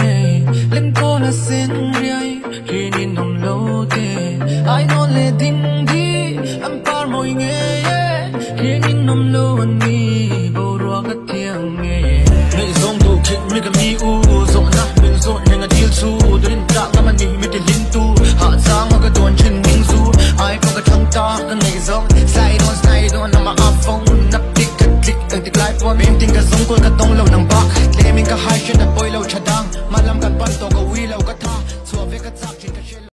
lên len là xin sen khi nhìn nom lô te ai no le ding đi am par moi nge khi nhìn nom lô anh đi bầu ro ka tiang nge nei zong tu khit mi ka mi u zo na min zo ne nga dil chu din ta ta man ni mi te lin tu ha za ma ka don trên ning du ai ko ka thằng ta ka nei zong sai don sai don nằm mà a phong na tik ka tik ang tik lai po min ting ka zong ko ka tong nằm nang ba mình ka hai chen na boy lo chada רק הצעתי קשה